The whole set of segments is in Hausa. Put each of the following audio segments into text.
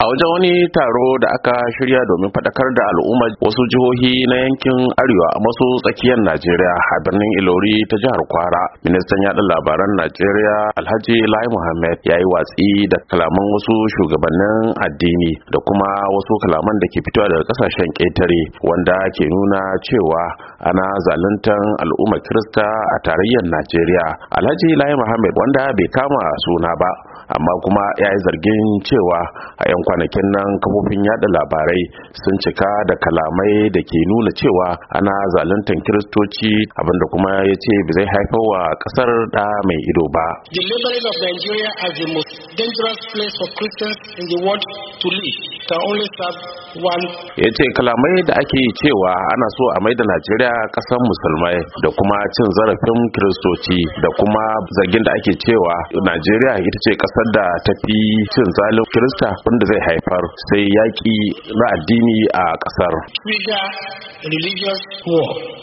a wajen wani taro da aka shirya domin faɗakar da al'umma wasu jihohi na yankin arewa maso tsakiyar najeriya a birnin ilori ta jihar kwara ministan yaɗa labaran najeriya alhaji lai muhammad ya yi watsi da kalaman wasu shugabannin addini da kuma wasu kalaman da ke fitowa daga kasashen ƙetare wanda ke nuna cewa ana zaluntan al'umma kirista a tarayyar najeriya alhaji lai muhammad wanda bai kama suna ba amma kuma ya yi zargin cewa a 'yan kwanakin nan kafofin yada labarai sun cika da kalamai da ke nuna cewa ana zaluntar kiristoci abinda kuma ya ce ba zai haifar wa kasar da mai ido ba the memories of nigeria as the most dangerous place for christians in the world to live yace ya ce kalamai da ake cewa ana so a maida najeriya kasan musulmai da kuma cin zarafin kiristoci da kuma zargin da ake cewa najeriya ita ce kasar da ta fi cin zalin kirista wanda zai haifar sai yaƙi na addini a kasar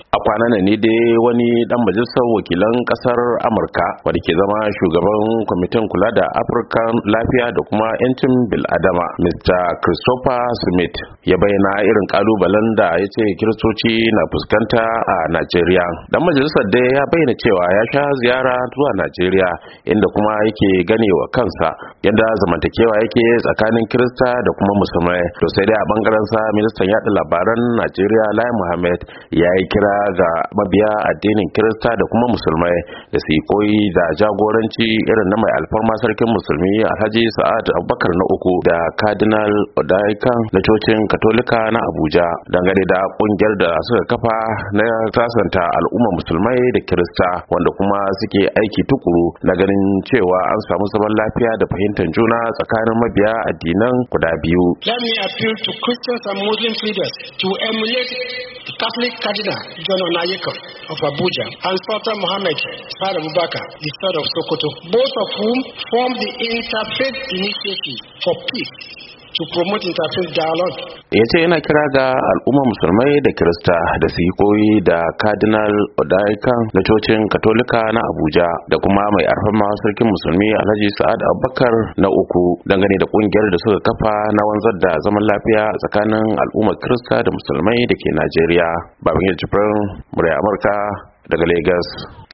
a kwanan ne dai wani dan majalisar wakilan kasar amurka wanda ke zama shugaban kwamitin kula da afirkan lafiya da kuma yancin biladama mr christopher smith ya bayyana irin kalubalen da ya ce kiristoci na fuskanta a najeriya dan majalisar dai ya bayyana cewa ya sha ziyara zuwa najeriya inda kuma yake gane wa kansa yadda zamantakewa yake tsakanin kirista da kuma musulmai to sai dai a bangaren sa ministan yaɗa labaran najeriya lai muhammad ya yi kira ga mabiya addinin kirista da kuma musulmai da su koyi da jagoranci irin na mai alfarma sarkin musulmi alhaji sa'ad abubakar na uku da cardinal odaikan na cocin katolika na abuja dangane da kungiyar da suka kafa na sasanta al'umma musulmai da kirista wanda kuma suke aiki tukuru na ganin cewa an samu zaman lafiya da fahimtar juna tsakanin mabiya addinan guda biyu. Let me appeal to Christians and Muslim leaders to emulate Catholic Cardinal John Onayeko of Abuja and Sultan Mohammed Sa'ad Abubakar, the son of Sokoto, both of whom formed the Interfaith Initiative for Peace to promote interfaith dialogue ya ce yana kira ga Al'umma musulmai da kirista da su yi koyi da cardinal odaikan na cocin katolika na abuja da kuma mai alfama sarkin musulmi alhaji sa'ad abubakar na uku dangane da kungiyar da suka kafa na wanzar da zaman lafiya tsakanin al'ummar kirista da musulmai da ke najeriya babangida jibrin murya amurka daga lagos